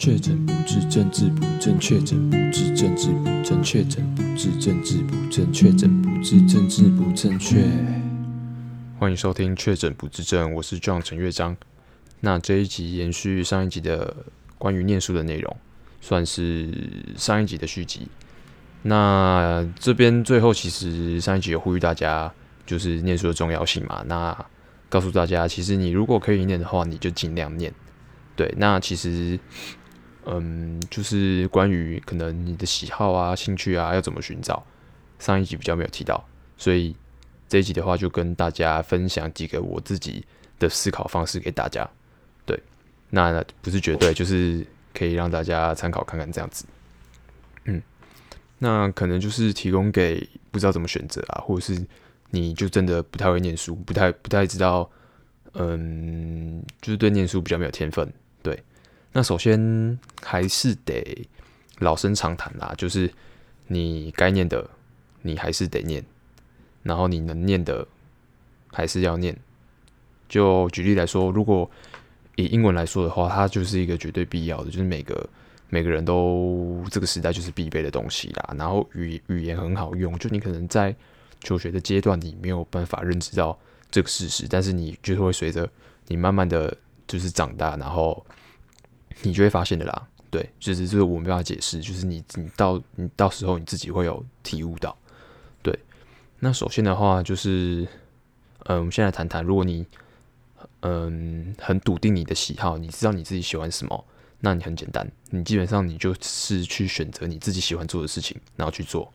確診不治症，治不正確；確診不治症，治不正確；確診不治症，治不正確；確診不治症，治不正確；確診不治症，治不正確；確診不治症，治不正確；確診不治症，治不正確。歡迎收聽《確診不治症》，我是 John 陳岳章。那這一集延續上一集的關於念書的內容，算是上一集的續集。那這邊最後其實上一集也呼籲大家，就是念書的重要性嘛。那告訴大家，其實你如果可以念的話，你就盡量念。對，那其實。嗯，就是關於可能你的喜好啊、興趣啊要怎麼尋找，上一集比較沒有提到，所以這一集的話就跟大家分享幾個我自己的思考方式給大家。對，那不是絕對，就是可以讓大家參考看看這樣子。嗯，那可能就是提供給不知道怎麼選擇啊，或者是你就真的不太會念書，不太不太知道，嗯，就是對念書比較沒有天分。那首先還是得老生常談啦，就是你該念的你還是得念，然後你能念的還是要念。就舉例來說，如果以英文來說的話，它就是一個絕對必要的，就是每個每個人都這個時代就是必備的東西啦。然後語語言很好用，就你可能在求學的階段你沒有辦法認知到這個事實，但是你就是會隨着你慢慢的就是長大，然後。你就會發現的啦，對，就是這個我沒辦法解釋，就是你你到你到時候你自己會有體悟到，對。那首先的話就是，嗯，我們先來談談，如果你嗯很篤定你的喜好，你知道你自己喜歡什麼，那你很簡單，你基本上你就是去選擇你自己喜歡做的事情，然後去做。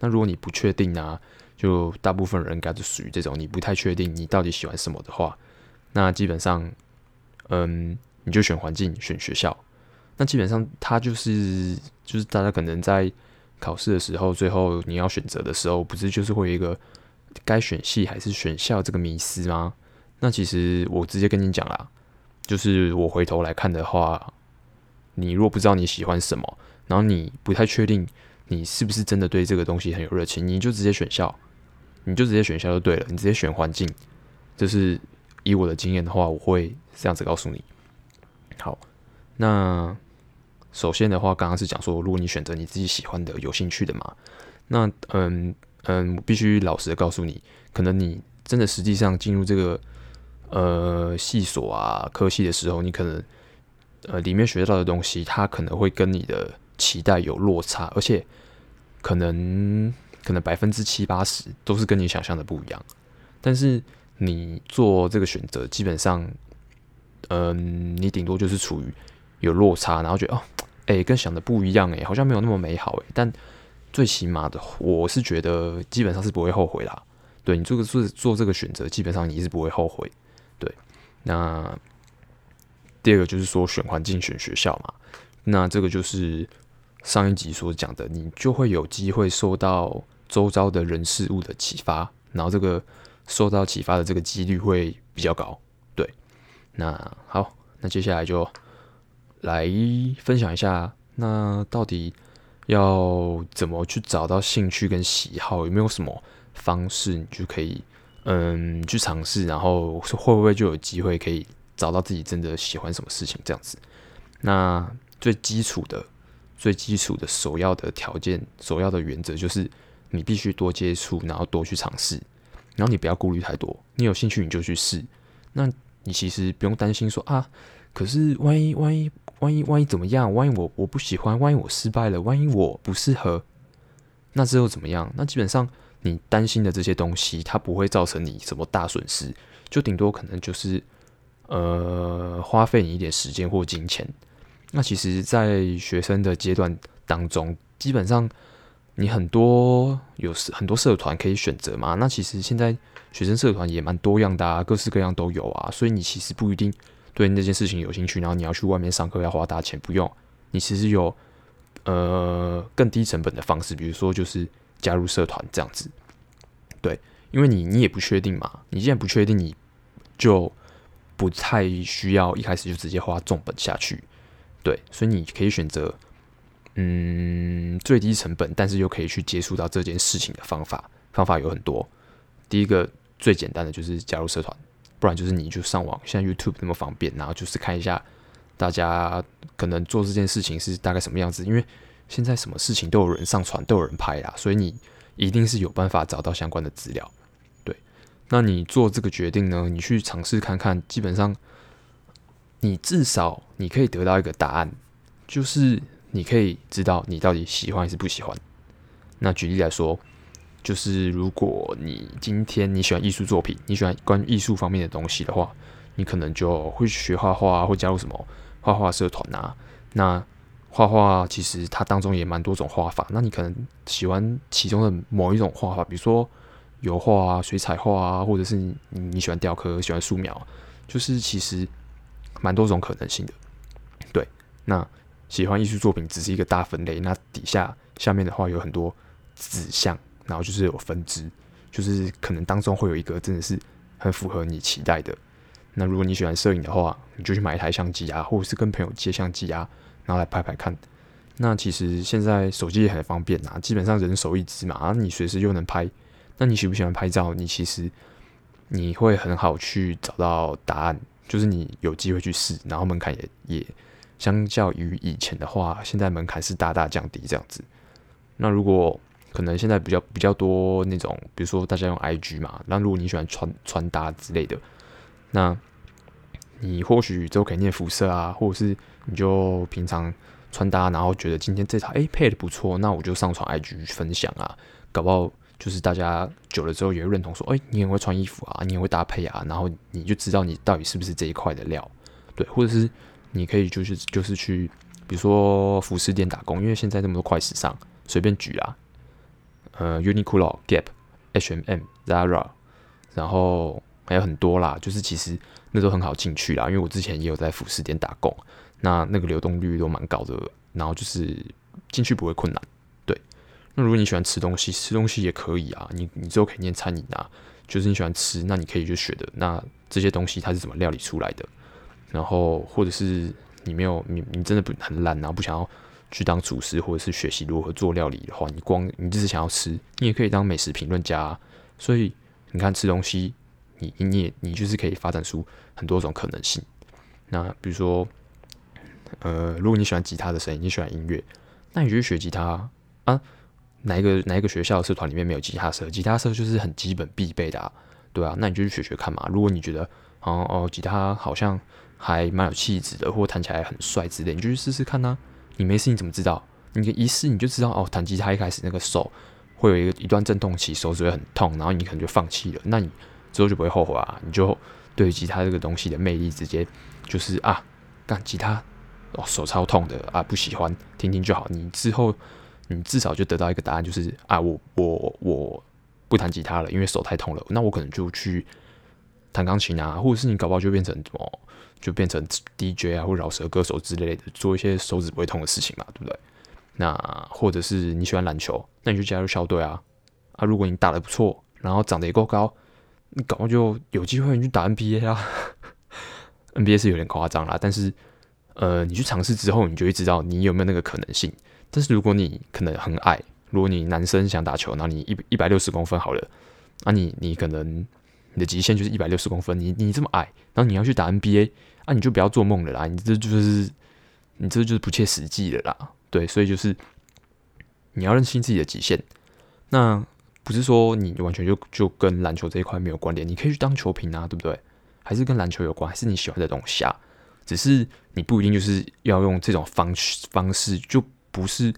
那如果你不確定啊，就大部分人應該就屬於這種，你不太確定你到底喜歡什麼的話，那基本上，嗯。你就選環境，選學校。那基本上，它就是就是大家可能在考試的時候，最後你要選擇的時候，不是就是會有一個該選系還是選校這個迷思嗎？那其實我直接跟你講啦，就是我回頭來看的話，你若不知道你喜歡什麼，然後你不太確定你是不是真的對這個東西很有熱情，你就直接選校，你就直接選校就對了。你直接選環境，就是以我的經驗的話，我會這樣子告訴你。好，那首先的話，剛剛是講說，如果你選擇你自己喜歡的、有興趣的嘛，那嗯嗯，我必須老實的告訴你，可能你真的實際上進入這個呃系所啊科系的時候，你可能呃裡面學到的東西，它可能會跟你的期待有落差，而且可能可能百分之七八十都是跟你想象的不一樣。但是你做這個選擇，基本上。嗯，你頂多就是處於有落差，然後覺得哦，哎、欸，跟想的不一樣、欸，哎，好像沒有那麼美好、欸，哎。但最起碼的，我是覺得基本上是不會後悔啦。對，你這個做做這個選擇，基本上你是不會後悔。對，那第二個就是說選環境、選學校嘛。那這個就是上一集所講的，你就會有機會受到周遭的人事物的啟發，然後這個受到啟發的這個幾率會比較高。那好，那接下來就來分享一下，那到底要怎麼去找到興趣跟喜好？有沒有什麼方式你就可以嗯去嘗試？然後會不會就有機會可以找到自己真的喜歡什麼事情？這樣子，那最基礎的、最基礎的首要的條件、首要的原則就是，你必須多接觸，然後多去嘗試，然後你不要顧慮太多，你有興趣你就去試。那你其實不用擔心說啊，可是萬一萬一萬一萬一,萬一怎麼樣？萬一我我不喜歡，萬一我失敗了，萬一我不適合，那之後怎麼樣？那基本上你擔心的這些東西，它不會造成你什麼大損失，就頂多可能就是呃花費你一點時間或金錢。那其實，在學生的階段當中，基本上。你很多，有社很多社團可以選擇嘛，那其實現在學生社團也蠻多樣的啊，各式各樣都有啊。所以你其實不一定對那件事情有興趣，然後你要去外面上課要花大錢，不用。你其實有呃更低成本的方式，比如說就是加入社團這樣子。對，因為你你也不確定嘛，你既然不確定，你就不太需要一開始就直接花重本下去。對，所以你可以選擇。嗯，最低成本，但是又可以去接觸到這件事情的方法，方法有很多。第一個最簡單的就是加入社團，不然就是你就上網，像 YouTube 那麼方便，然後就是看一下大家可能做這件事情是大概什麼樣子。因為現在什麼事情都有人上傳，都有人拍啦，所以你一定是有辦法找到相關的資料。對，那你做這個決定呢？你去嘗試看看，基本上你至少你可以得到一個答案，就是。你可以知道你到底喜歡還是不喜歡。那舉例來說，就是如果你今天你喜歡藝術作品，你喜歡關於藝術方面的東西的話，你可能就會學畫畫，會加入什麼畫畫社團啊。那畫畫其實它當中也蠻多種畫法，那你可能喜歡其中的某一種畫法，比如說油畫啊、水彩畫啊，或者是你你喜歡雕刻、喜歡素描，就是其實蠻多種可能性的。對，那。喜歡藝術作品只是一個大分類，那底下下面的話有很多指向，然後就是有分支，就是可能當中會有一個真的是很符合你期待的。那如果你喜歡攝影的話，你就去買一台相機啊，或者是跟朋友借相機啊，然後來拍拍看。那其實現在手機也很方便啊，基本上人手一支嘛，你隨時又能拍。那你喜不喜歡拍照？你其實你會很好去找到答案，就是你有機會去試，然後門檻也也。相較於以前的話，現在門檻是大大降低這樣子。那如果可能，現在比較比較多那種，比如說大家用 IG 嘛，那如果你喜歡穿穿搭之類的，那你或許之後可以念服飾啊，或者是你就平常穿搭，然後覺得今天這套哎、欸、配的不錯，那我就上傳 IG 分享啊，搞不好就是大家久了之後也會認同說，哎、欸，你也會穿衣服啊，你也會搭配啊，然後你就知道你到底是不是這一塊的料，對，或者是。你可以就是就是去，比如說服飾店打工，因為現在這麼多快時尚，隨便舉啊，呃，Uniqlo、Gap、H&M、Zara，然後還有很多啦，就是其實那都很好進去啦。因為我之前也有在服飾店打工，那那個流動率都蠻高的，然後就是進去不會困難。對，那如果你喜歡吃東西，吃東西也可以啊，你你之後可以念餐飲啊，就是你喜歡吃，那你可以就學的那這些東西它是怎麼料理出來的。然後，或者是你沒有你你真的不很懶，然後不想要去當廚師，或者是學習如何做料理的話，你光你就是想要吃，你也可以當美食評論家啊。所以你看，吃東西，你你也你就是可以發展出很多種可能性。那比如說，呃，如果你喜歡吉他的聲音，你喜歡音樂，那你就去學吉他啊。哪一個哪一個學校的社團裡面沒有吉他社？吉他社就是很基本必備的啊，對啊。那你就去學學看嘛。如果你覺得，哦哦，吉他好像。還蠻有氣質的，或彈起來很帥之類的，你就去試試看吶、啊。你沒試你怎麼知道？你一試你就知道哦。彈吉他一開始那個手會有一個一段陣痛期，手指會很痛，然後你可能就放棄了。那你之後就不會後悔啊。你就對吉他這個東西的魅力直接就是啊，幹吉他哦，手超痛的啊，不喜歡，聽聽就好。你之後你至少就得到一個答案，就是啊我我我不彈吉他了，因為手太痛了。那我可能就去彈鋼琴啊，或者是你搞不好就變成什麼。就變成 DJ 啊，或饒舌歌手之類的，做一些手指不會痛的事情嘛，對不對？那或者是你喜歡籃球，那你就加入校隊啊。啊，如果你打得不錯，然後長得也夠高，你搞不好就有機會，你去打 NBA 啊。 NBA 是有點誇張啦，但是呃，你去嘗試之後，你就會知道你有沒有那個可能性。但是如果你可能很矮，如果你男生想打球，那你一一百六十公分好了，啊你你可能，你的極限就是一百六十公分，你你這麼矮，然後你要去打 NBA 啊，你就不要做夢了啦！你這就是你這就是不切實際的啦。對，所以就是你要認清自己的極限。那不是說你完全就就跟籃球這一塊沒有關聯，你可以去當球評啊，對不對？還是跟籃球有關，還是你喜歡的東西啊，只是你不一定就是要用這種方式方式，就不是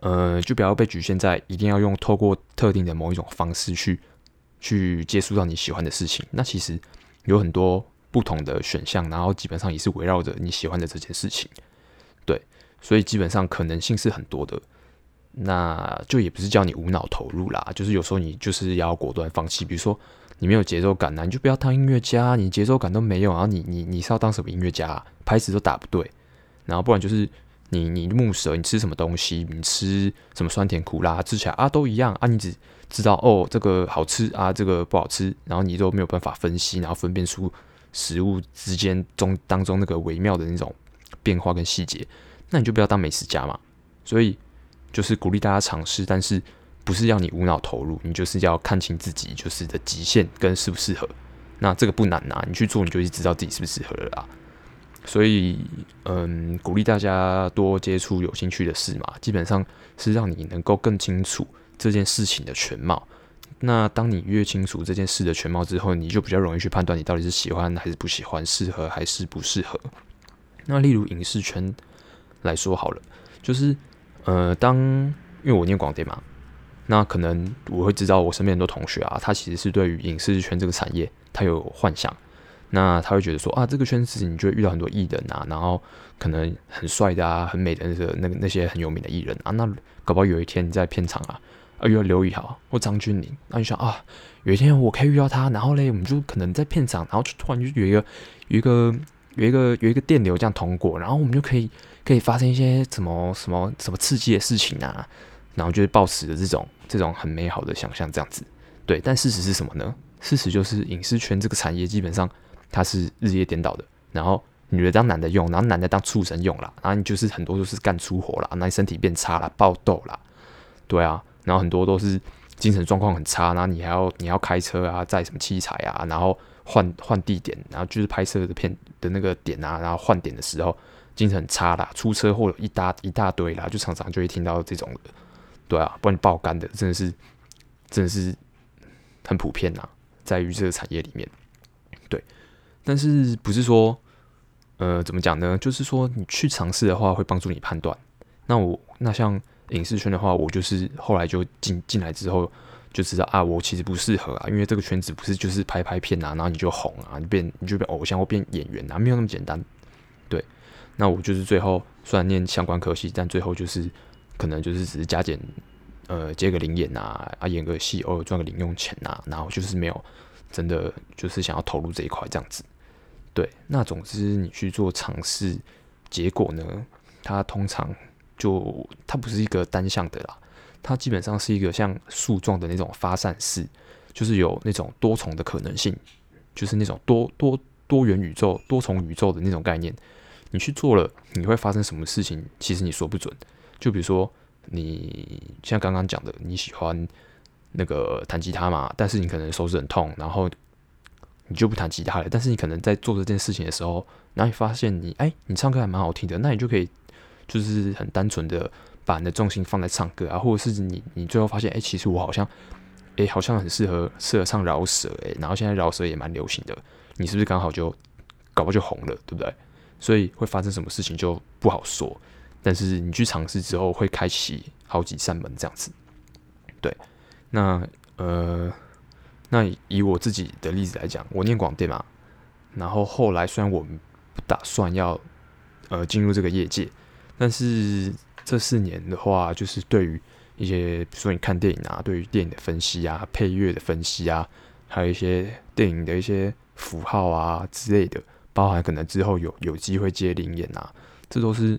呃，就不要被局限在一定要用透過特定的某一種方式去。去接觸到你喜歡的事情，那其實有很多不同的選項，然後基本上也是圍繞着你喜歡的這件事情，對，所以基本上可能性是很多的，那就也不是叫你無腦投入啦，就是有時候你就是要果斷放棄，比如說你沒有節奏感，那你就不要當音樂家，你節奏感都沒有，然後你你你是要當什麼音樂家啊？拍子都打不對，然後不然就是。你你木舌，你吃什麼東西？你吃什麼酸甜苦辣？吃起來啊都一樣啊！你只知道哦，這個好吃啊，這個不好吃，然後你都沒有辦法分析，然後分辨出食物之間中當中那個微妙的那種變化跟細節。那你就不要當美食家嘛。所以就是鼓勵大家嘗試，但是不是要你無腦投入，你就是要看清自己就是的極限跟適不適合。那這個不難吶、啊，你去做，你就是知道自己適不適合了啦。所以，嗯，鼓勵大家多接觸有興趣的事嘛，基本上是讓你能夠更清楚這件事情的全貌。那當你越清楚這件事的全貌之後，你就比較容易去判斷你到底是喜歡還是不喜歡，適合還是不適合。那例如影視圈來說好了，就是，呃，當，因為我念廣電嘛，那可能我會知道我身邊很多同學啊，他其實是對於影視圈這個產業，他有幻想。那他會覺得說啊，這個圈子你就會遇到很多藝人啊，然後可能很帥的啊，很美的那個那個那些很有名的藝人啊，那搞不好有一天你在片場啊，啊遇到劉以豪或張鈞甯，那你想啊，有一天我可以遇到他，然後嘞，我們就可能在片場，然後就突然就有一個有一個有一個有一個，有一個電流這樣通過，然後我們就可以可以發生一些什麼什麼什麼刺激的事情啊，然後就是抱持的這種這種很美好的想象這樣子，對，但事實是什麼呢？事實就是影視圈這個產業基本上，他是日夜顛倒的，然後女的當男的用，然後男的當畜生用啦，然後你就是很多都是幹粗活啦，那你身體變差啦，爆痘啦，對啊，然後很多都是精神狀況很差，然後你還要你要開車啊，載什麼器材啊，然後換換地點，然後就是拍攝的片的那個點啊，然後換點的時候精神很差啦，出車禍一大一大堆啦，就常常就會聽到這種的，對啊，不然你爆肝的，真的是真的是很普遍啦、啊，在於這個產業裡面，對。但是不是說，呃，怎麼講呢？就是說，你去嘗試的話，會幫助你判斷。那我那像影視圈的話，我就是後來就進進來之後，就知道啊，我其實不適合啊，因為這個圈子不是就是拍拍片啊，然後你就紅啊，你變你就變偶像或變演員啊，沒有那麼簡單。對，那我就是最後雖然念相關科系，但最後就是可能就是只是加減，呃，接個臨演啊，啊，演個戲，偶爾賺個零用錢啊，然後就是沒有真的就是想要投入這一塊這樣子。對，那總之你去做嘗試，結果呢？它通常就它不是一個單向的啦，它基本上是一個像樹狀的那種發散式，就是有那種多重的可能性，就是那種多多多元宇宙、多重宇宙的那種概念。你去做了，你會發生什麼事情？其實你說不準。就比如說，你像剛剛講的，你喜歡那個彈吉他嘛，但是你可能手指很痛，然後。你就不彈吉他了，但是你可能在做這件事情的時候，然後你發現你，哎、欸，你唱歌還蠻好聽的。那你就可以就是很單純的把你的重心放在唱歌啊，或者是你你最後發現，哎、欸，其實我好像，哎、欸，好像很適合適合唱饒舌、欸，誒。然後現在饒舌也蠻流行的，你是不是剛好就搞不好就紅了，對不對？所以會發生什麼事情就不好說，但是你去嘗試之後會開啟好幾扇門這樣子，對，那呃。那以，以我自己的例子來講，我念廣電嘛，然後後來雖然我不打算要，呃，進入這個業界，但是這四年的話，就是對於一些，比如說你看電影啊，對於電影的分析啊，配樂的分析啊，還有一些電影的一些符號啊之類的，包含可能之後有有機會接靈演啊，這都是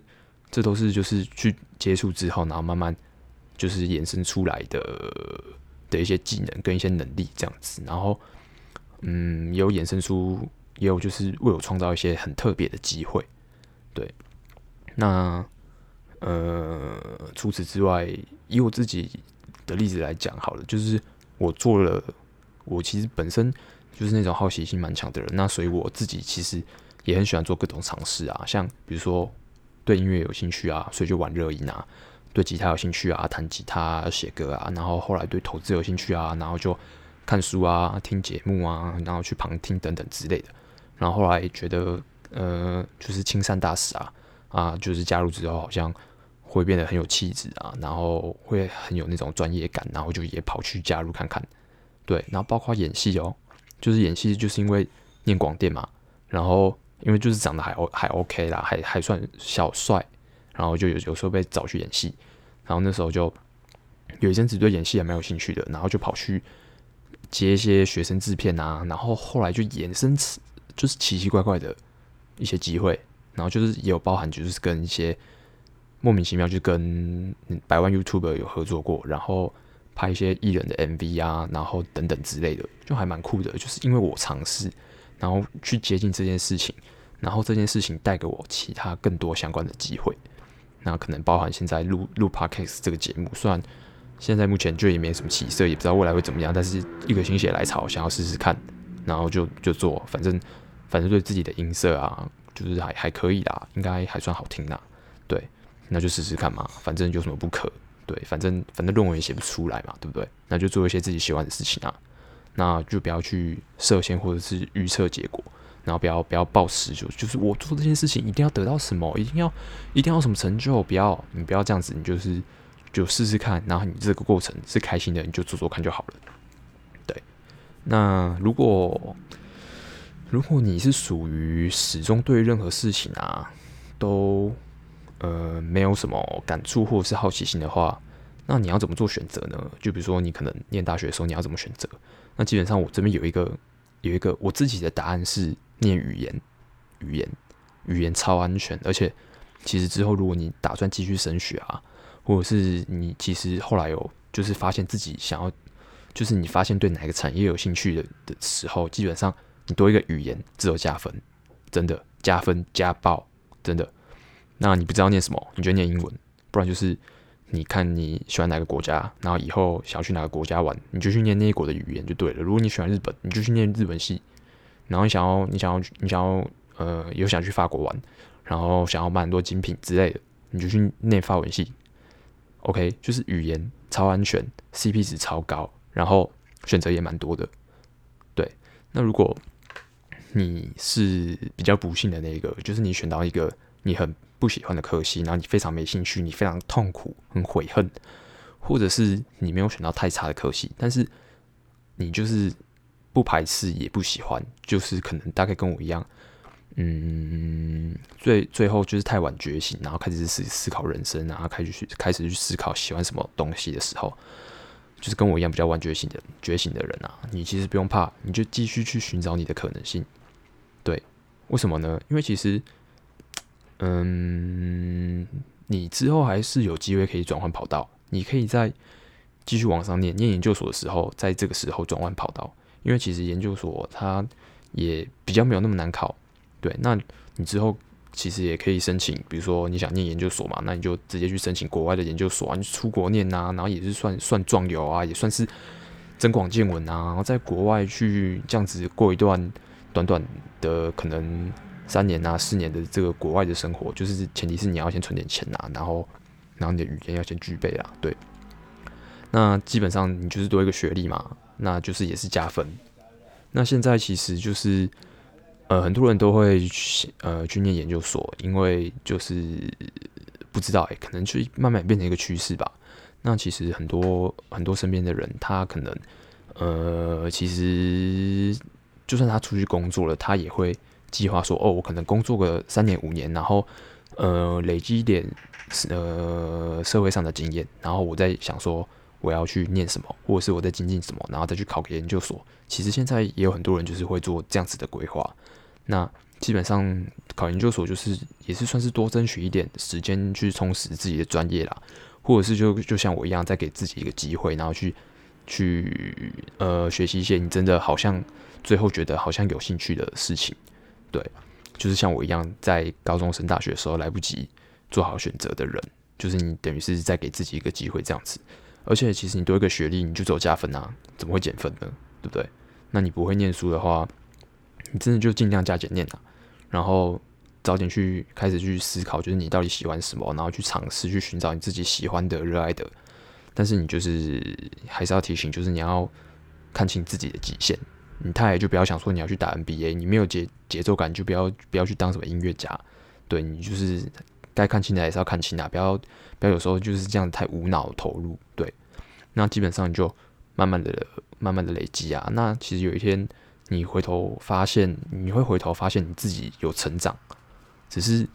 這都是就是去接觸之後，然後慢慢就是延伸出來的。的一些技能跟一些能力這樣子，然後，嗯，也有衍生出，也有就是為我創造一些很特別的機會，對。那，呃，除此之外，以我自己的例子來講好了，就是我做了，我其實本身就是那種好奇心蠻強的人，那所以我自己其實也很喜歡做各種嘗試啊，像比如說對音樂有興趣啊，所以就玩熱音啊，對吉他有興趣啊，彈吉他、啊、寫歌啊，然後後來對投資有興趣啊，然後就看書啊、聽節目啊，然後去旁聽等等之類的。然後後來覺得，呃，就是親善大使啊，啊，就是加入之後好像會變得很有氣質啊，然後會很有那種專業感，然後就也跑去加入看看。對，然後包括演戲哦，就是演戲，就是因為念廣電嘛，然後因為就是長得還 O 還 OK 啦，還還算小帥。然後就有有時候被找去演戲，然後那時候就有一陣子對演戲也蠻有興趣的，然後就跑去接一些學生制片啊，然後後來就衍生就是奇奇怪怪的一些機會，然後就是也有包含就是跟一些莫名其妙就跟百萬 YouTuber 有合作過，然後拍一些藝人的 MV 啊，然後等等之類的，就還蠻酷的。就是因為我嘗試，然後去接近這件事情，然後這件事情帶給我其他更多相關的機會。那可能包含現在錄錄 Podcast 這個節目，雖然現在目前就也沒什麼起色，也不知道未來會怎麼樣，但是一顆心血來潮想要試試看，然後就就做，反正反正對自己的音色啊，就是還還可以啦，應該還算好聽啦。對，那就試試看嘛，反正有什麼不可？對，反正反正論文也寫不出來嘛，對不對？那就做一些自己喜歡的事情啊，那就不要去設限或者是預測結果。然後不要不要抱持，就就是我做這件事情一定要得到什麼，一定要一定要有什麼成就，不要你不要這樣子，你就是就試試看。然後你這個過程是開心的，你就做做看就好了。對，那如果如果你是屬於始終對任何事情啊都呃沒有什麼感觸或者是好奇心的話，那你要怎麼做選擇呢？就比如說你可能念大學的時候你要怎麼選擇？那基本上我這邊有一個有一個我自己的答案是。念語言，語言，語言超安全，而且其實之後如果你打算繼續升學，啊，或者是你其實後來有就是發現自己想要，就是你發現對哪個產業有興趣的的時候，基本上你多一個語言只有加分，真的加分加爆，真的。那你不知道念什麼，你就念英文，不然就是你看你喜歡哪個國家，然後以後想要去哪個國家玩，你就去念那一國的語言就對了。如果你喜歡日本，你就去念日本系。然後你想要，你想要你想要，呃，有想去法國玩，然後想要買很多精品之類的，你就去念法文系。OK，就是語言超安全，CP 值超高，然後選擇也蠻多的。對，那如果你是比較不幸的那一個，就是你選到一個你很不喜歡的科系，然後你非常沒興趣，你非常痛苦，很悔恨，或者是你沒有選到太差的科系，但是你就是。不排斥也不喜歡，就是可能大概跟我一樣，嗯，最最後就是太晚覺醒，然後開始思思考人生啊，然後開始去開始去思考喜歡什麼東西的時候，就是跟我一樣比較晚覺醒的覺醒的人啊。你其實不用怕，你就繼續去尋找你的可能性。對，為什麼呢？因為其實，嗯，你之後還是有機會可以轉換跑道，你可以在繼續往上念念研究所的時候，在這個時候轉換跑道。因為其實研究所它也比較沒有那麼難考，對，那你之後其實也可以申請，比如說你想念研究所嘛，那你就直接去申請國外的研究所啊，你出國念啊，然後也是算算壯遊啊，也算是增廣見聞啊，然後在國外去這樣子過一段短短的可能三年啊、四年的這個國外的生活，就是前提是你要先存點錢啊，然後然後你的語言要先具備啊，對，那基本上你就是多一個學歷嘛。那就是也是加分。那現在其實就是，呃，很多人都會去呃去念研究所，因為就是不知道，誒，可能去慢慢變成一個趨勢吧。那其實很多很多身邊的人，他可能呃，其實就算他出去工作了，他也會計劃說，哦，我可能工作個三年五年，然後呃累積一點呃社會上的經驗，然後我再想說。我要去念什麼，或者是我在精進什麼，然後再去考個研究所。其實現在也有很多人就是會做這樣子的規劃。那基本上考研究所就是也是算是多爭取一點時間去充實自己的專業啦，或者是就就像我一樣，再給自己一個機會，然後去去呃學習一些你真的好像最後覺得好像有興趣的事情。對，就是像我一樣在高中升大學的時候來不及做好選擇的人，就是你等於是再給自己一個機會，這樣子。而且其實你多一個學歷，你就只有加分啊，怎麼會減分呢？對不對？那你不會念書的話，你真的就盡量加減念啊，然後早點去開始去思考，就是你到底喜歡什麼，然後去嘗試去尋找你自己喜歡的、熱愛的。但是你就是還是要提醒，就是你要看清自己的極限。你太矮就不要想說你要去打 NBA，你沒有節節奏感，就不要不要去當什麼音樂家。對你就是。該看清的還是要看清啊，不要不要，有時候就是這樣太無腦投入。對，那基本上就慢慢的、慢慢的累積啊。那其實有一天你回頭發現，你會回頭發現你自己有成長。只是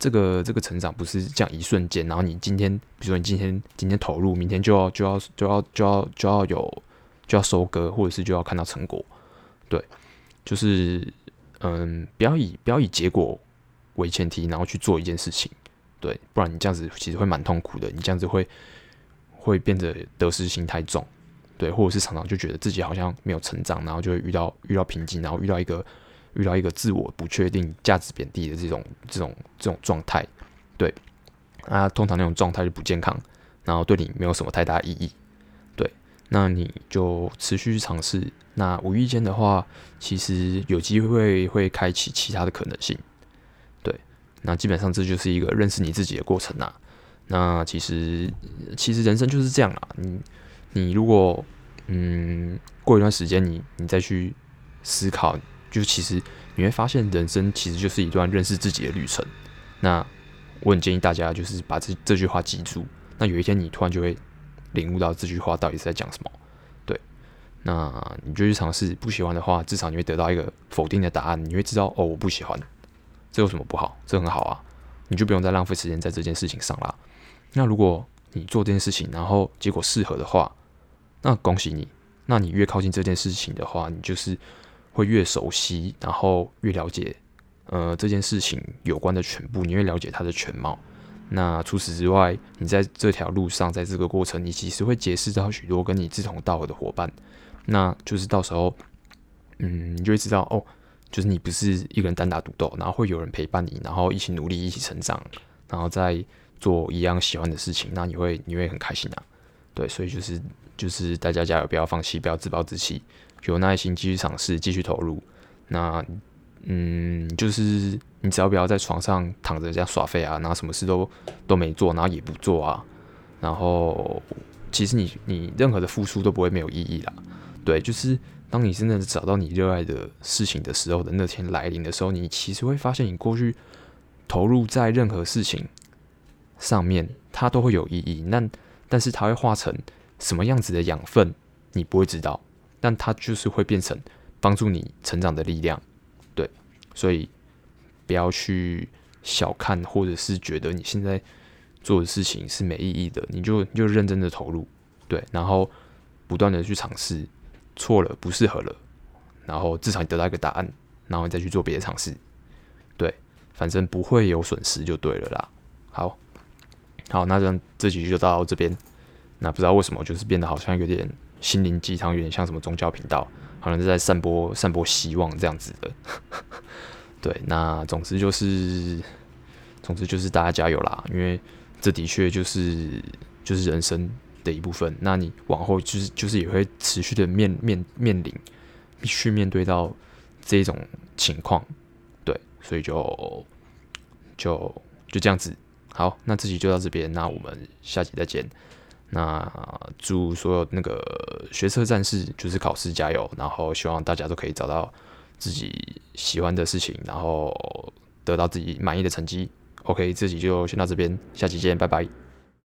這個這個成長不是這樣一瞬間，然後你今天，比如說你今天今天投入，明天就要就要就要就要就要就要有就要收割，或者是就要看到成果。對，就是嗯，不要以不要以結果為前提，然後去做一件事情，對，不然你這樣子其實會蠻痛苦的。你這樣子會會變得得失心太重，對，或者是常常就覺得自己好像沒有成長，然後就會遇到遇到瓶頸，然後遇到一個遇到一個自我不確定、價值貶低的這種這種這種狀態，對，那，啊，通常那種狀態就不健康，然後對你沒有什麼太大意義，對，那你就持續去嘗試，那無意間的話，其實有機會會開啟其他的可能性。那基本上這就是一個認識你自己的過程啦，那其實，其實人生就是這樣啦。你，你如果，嗯，過一段時間，你，你再去思考，就其實你會發現，人生其實就是一段認識自己的旅程。那我很建議大家，就是把這這句話記住。那有一天你突然就會領悟到這句話到底是在講什麼。對，那你就去嘗試。不喜歡的話，至少你會得到一個否定的答案。你會知道，哦，我不喜歡。這有什麼不好？這很好啊，你就不用再浪費時間在這件事情上啦。那如果你做這件事情，然後結果適合的話，那恭喜你。那你越靠近這件事情的話，你就是會越熟悉，然後越了解，呃，這件事情有關的全部，你越了解它的全貌。那除此之外，你在這條路上，在這個過程，你其實會結識到許多跟你志同道合的夥伴。那就是到時候，嗯，你就會知道哦。就是你不是一個人單打獨鬥，然後會有人陪伴你，然後一起努力，一起成長，然後再做一樣喜歡的事情，那你會你會很開心的啊。對，所以就是就是大家加油，不要放棄，不要自暴自棄，有耐心繼續嘗試，繼續投入。那嗯，就是你只要不要在床上躺着這樣耍廢啊，然後什麼事都都沒做，然後也不做啊。然後其實你你任何的付出都不會沒有意義啦。對，就是當你真的找到你熱愛的事情的時候的那天來臨的時候，你其實會發現，你過去投入在任何事情上面，它都會有意義。那但，但是它會化成什麼樣子的養分，你不會知道。但它就是會變成幫助你成長的力量。對，所以不要去小看，或者是覺得你現在做的事情是沒意義的，你就就認真的投入，對，然後不斷的去嘗試。錯了，不適合了，然後至少你得到一個答案，然後你再去做別的嘗試，對，反正不會有損失就對了啦。好，好，那這樣這集就到這邊。那不知道為什麼，就是變得好像有點心靈雞湯，有點像什麼宗教頻道，好像是在散播、散播希望這樣子的。 對，那總之就是，總之就是大家加油啦，因為這的確就是，就是人生。的一部分，那你往後就是就是也會持續的面面面臨，去面對到這一種情況，對，所以就就就這樣子，好，那這集就到這邊，那我們下集再見，那祝所有那個學測戰士就是考試加油，然後希望大家都可以找到自己喜歡的事情，然後得到自己滿意的成績，OK，這集就先到這邊，下期見，拜拜。